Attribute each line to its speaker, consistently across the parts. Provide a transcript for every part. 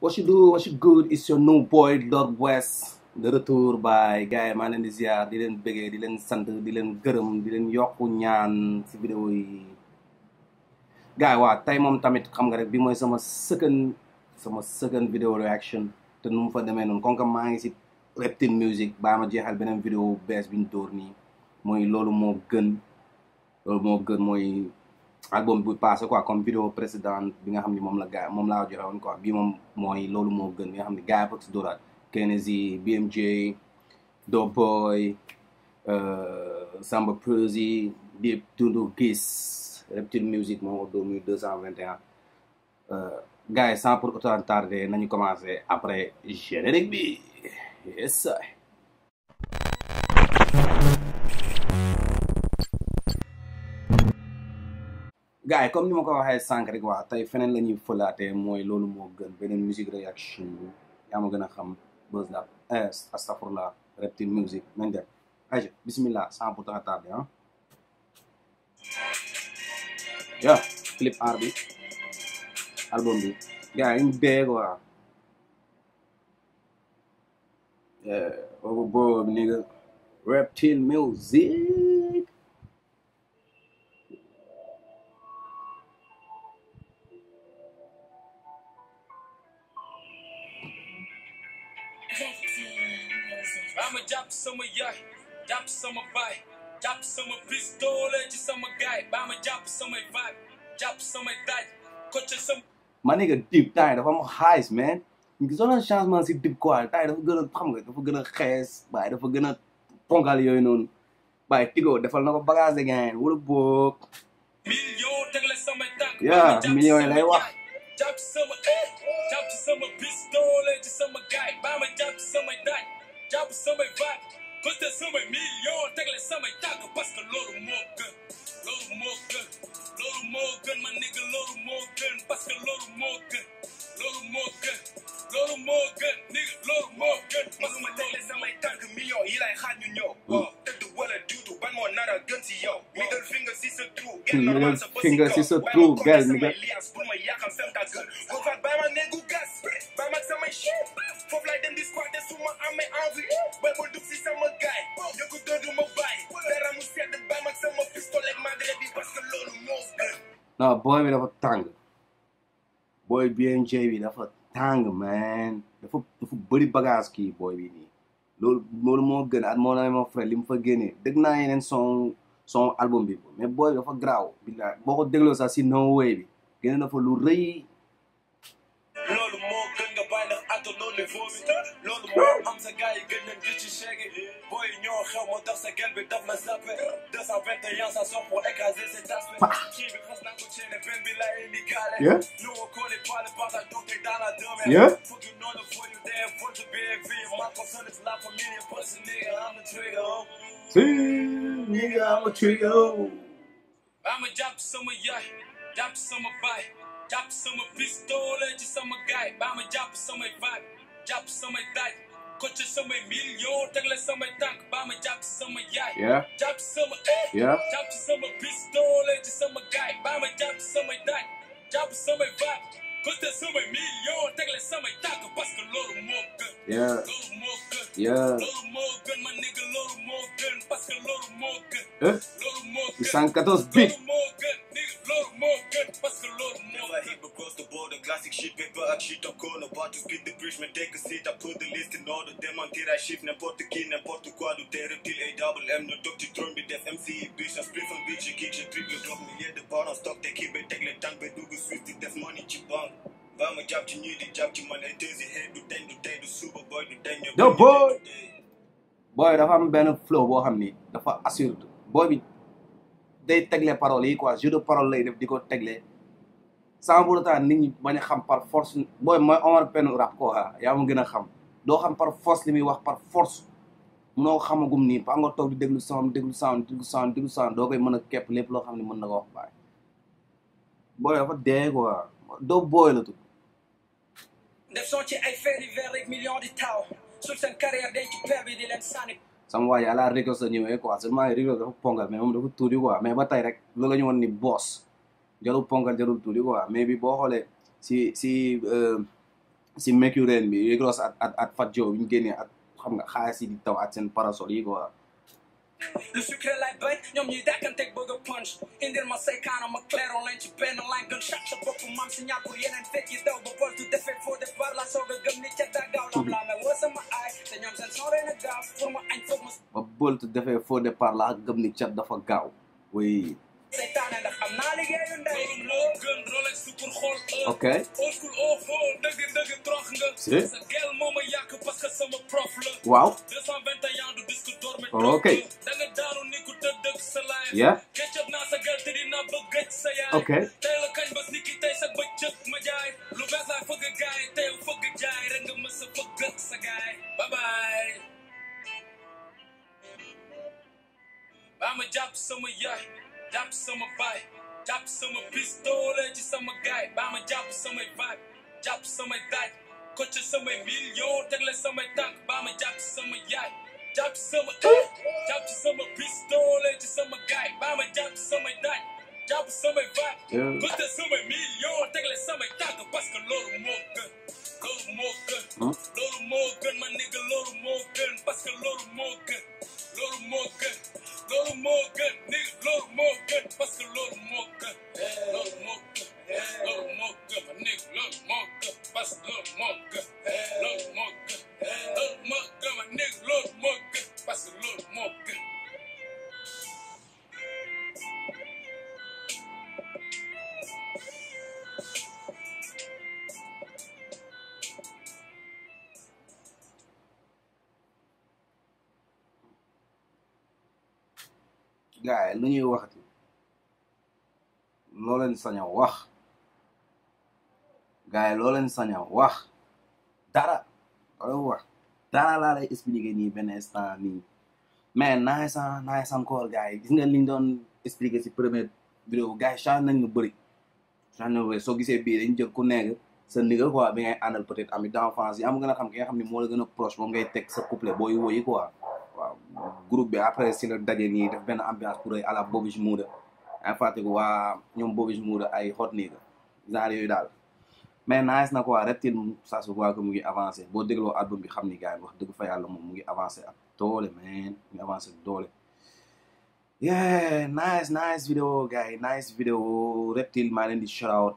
Speaker 1: what you do what you good is your new boy Lord West de retour baay gars yi maa leen di ziar di leen bëggee di leen sant di leen gërëm di leen yokku ñaan ci vidéo yi gars yi waa tey moom tamit xam nga rek bi mooy sama second sama second video reaction te nu mu fa demee noonu kon maa ngi si Reptyle Music baa ma jeexal beneen vidéo bees bi ñu dóor nii mooy loolu moo gën loolu moo gën mooy album bu passé quoi comme vidéo précédente bi nga xam ne moom la gaa moom laa joxe woon quoi bii moom mooy loolu moo gën bi nga xam ne gaa yi ak si dóoraat Kennedy BMJ Doughboy euh, Samba Peuzzi Dip Doundou Guiss Reptile Music moom ak 2221 euh, gars yi sans pour autant tarder nañu commencé après générique bi gars yi comme ni ma ko waxee sànq rek waa tey feneen la ñuy fëlaatee mooy loolu moo gën beneen musique réaction yaa ma gën a xam Buzz la eh, astafurla Music nañ bismillah sans pour tarder ah yo clip art bi album bi gars yi ñu dee quoi eh, boobu boobu ni nga Music
Speaker 2: jàpp sama yaay jàpp sama baay jàpp sama bis doole ci sama gaay baa ma jàpp samay baay jàpp samay daaj coaché sama.
Speaker 1: ma ne que Dip temps yi dafa am xaalis man gisoon na changement si Dip quoi temps yi dafa gën a xam nga dafa gën a xees waaye dafa gën a ponkal yooyu noonu waaye Tigo defal na ko bagage de gain wala boog. million teg la sama tànk. yaa million yi lay wax.
Speaker 2: jàpp sama eh, jàpp sama bis doole ci sama gaay baa ma jàpp samay daaj. jàpp samay baat côté samay million tegle samay tànk parce que loolu moo gën loolu moo gën loolu moo gën ma nigga loolu moo gën parce que loolu moo gën loolu moo gën loolu moo gën nigga loolu moo gën parce que ma tegle samay tànk million yi lay xaaj ñu ñëw tëdd wala juutu ban moo nar a gën si yow middle finger si sa trou
Speaker 1: finger si sa trou gel mi nga
Speaker 2: pour ma yàqal seen tàgg boo faat bàyyi ma néegu gas bàyyi ma samay chef foofu lay dem dis amee envie bi parce que loolu
Speaker 1: bi dafa tàng booy BMJ bi dafa tàng man dafa dafa bëri bagage kii booy bi nii loolu moo gën at moo na mon frère li fa génnee dégg naa yeneen son son album bi mais booy bi dafa garaaw billaay boo ko dégloo sax si non way bi génne na fa lu rëy loolu moo gën te loolu vomita loolu moo am sa gars yi gën
Speaker 2: nañ di ci chege booy ñoo xew moo tax sa gel bi daf la zappé deux cent vingt et un sa sox pour écraser ses
Speaker 1: aspects kii bi xas naa ko ceene benn bi lay ni gaale ñu ko koole paale bata doute dans la demeure fukki noonu fooyu dee votre
Speaker 2: baby ma ko solis la famille parce que nigga I'm a trigger
Speaker 1: See, nigga I'm a trigger
Speaker 2: I'm a jump sama yaay jàpp sama baay jàpp sama pistoole ci sama gaay baa ma jàpp samay vague jàpp samay daaj kocc samay million tegle samay tànk baa ma jàpp sama yaay jàpp sama ee jàpp sama pistoole ci sama gaay baa ma jàpp samay daaj jàpp samay vague côté samay million tegle samay tànk
Speaker 1: parce que loolu moo gën. loolu moo gën. loolu moo gën ma nekk loolu moo gën parce que loolu moo gën. loolu moo gën 114 bit. loolu moo gën loolu moo gën parce que loolu moo gën. across the border classic shit paper ak shit en corner about to get the bridge mais take a seat I put the list in order démentir ay chiffres n'importe qui n'importe quoi du terre reptile ay double M ne toog ci drone bi def MC bitch na split from bitch kick je triple drop milliers de barres en stock te kii bay tegle tànk bay dugg suite di def money ci banque. ma jàpp ci ñii di jàpp booy dafa am benn flow boo xam ni dafa assure booy bi day tegle paroles yi quoi jeu de parole lay def di ko tegle sans pour autant ni ñi bañ a xam par force booy mooy Omar Pène rap ko ha ah, yaa ma gën a xam doo xam par force li muy wax par force munoo xamagum nii ba nga toog di déglu sound déglu sound déglu sound déglu sound doo koy mën a képp lépp loo xam ne mën na ko wax baay booy dafa dee quoi doo booy la tudd
Speaker 2: def soo ci ay faits divers rek millions di taw sur seen
Speaker 1: ñëwee quoi seulement Rico dafa pongal mais moom dafa tuuti quoi mais ba tey rek loolu la ñu woon ni jarul pongal jarul tuuti quoi mais bi boo xoolee si si euh, si Mercurien bi Rico ak ak ñu génnee ak xam nga xaalis yi di taw ak seen parasol yi quoi.
Speaker 2: du sucré lay bay ñoom ñuy dàkkanteeg bëgg a punch indil ma say ma clairon lañ ci benn lañ gën chaque sa bopp maam si ñàkkul yeneen fekk yi daw ba bol defee foo par la soog a gëm ni ca daggaaw a gaaw pour ma añ
Speaker 1: ma ba bol du defee foo def par la gëm ni ca dafa gaaw way
Speaker 2: seytaane xam naa liggéeyu ndax.
Speaker 1: loo gën Rolex pour xool. Euh, ok. old school oo oh, xool dëgg dëgg trox nga. si. sa gel moo ma yàq parce que sama prof la. waaw. 221 du disque d'or mais. ok.
Speaker 2: da nga daanu ni ku tëdd ak sa laay. yeah. keccab naa sa gerte dinaa bëgg sa yaay. ok. tey la kañ ba sikki tey sa bëccëg ma jaay. lu bees laa fëgg gaay tey fëgg jaay rek nga mës a fëgg sa gaay. bye bye. baa ma jàpp sama yaay. jàpp sama baay jàpp sama pistoole ci sama gaay baa ma jàpp samay baay jàpp samay daaj ko ci samay million tegle samay tànk baa ma jàpp sama yaay jàpp sama jàpp sama pistoole ci sama gaay baa ma jàpp samay daaj jàpp samay baay ko ci samay million tegle samay tànk parce que loolu moo gën loolu moo gën loolu moo gën ma nigga loolu moo gën parce que loolu moo gën loolu moo gën loolu moo gën moo moo gën
Speaker 1: gaa yi lu ñuy waxati loole leen sañ wax gaa yi loo leen sañ wax dara loo wax dara laa lay nii benn instant nii mais naay san naay san koor gaa yi gis nga liñ doon expliquer si première vidéo gaa yi change nañ ñu bëri change nañ soo gisee bii dañ jël ku nekk sa ndigal quoi bi ngay àndal peut-être ami d'enfance yi am gën a xam ki xam ne moo la gën a proche moom ngay teg sa couple booy woyi quoi waaw group bi après si la daje nii def benn ambiance pour ay ala Bobby Shmurda en pratique waa ñoom Bobby Shmurda ay xot ni genre yooyu daal mais nice na quoi Reptyle ça se mu ngi avancé boo dégloo album bi xam ni gars yi wax dëgg fa yàlla moom mu ngi avancé ak doole mais mu ngi avancé doole yeah nice nice vidéo gars yi nice vidéo Reptyle maa leen di shout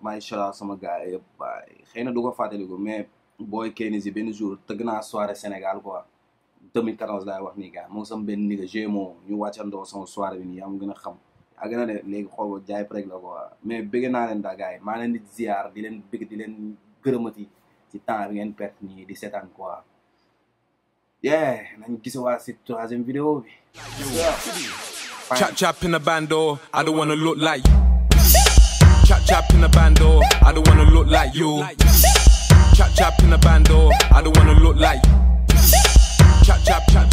Speaker 1: sama gars yi yëpp waaye xëy na du ko fàttaliku mais booy Kenny si benn jour tëgg naa soirée Sénégal quoi 2014 laay wax nii gars moom sama benn nigga Gémo ñu wàccandoo sama soirée bi nii yaa ma gën a xam gën a ne léegi xool jaay rek la ko mais bëgg naa leen daa yi maa leen di ziar di leen bëgg di leen gërëmati ci temps bi ngeen perte nii di set seetaan quoi yeah nañ waa si troisième vidéo bi chap chap in a bando I don't wanna look a bando I don't wanna chop, chop.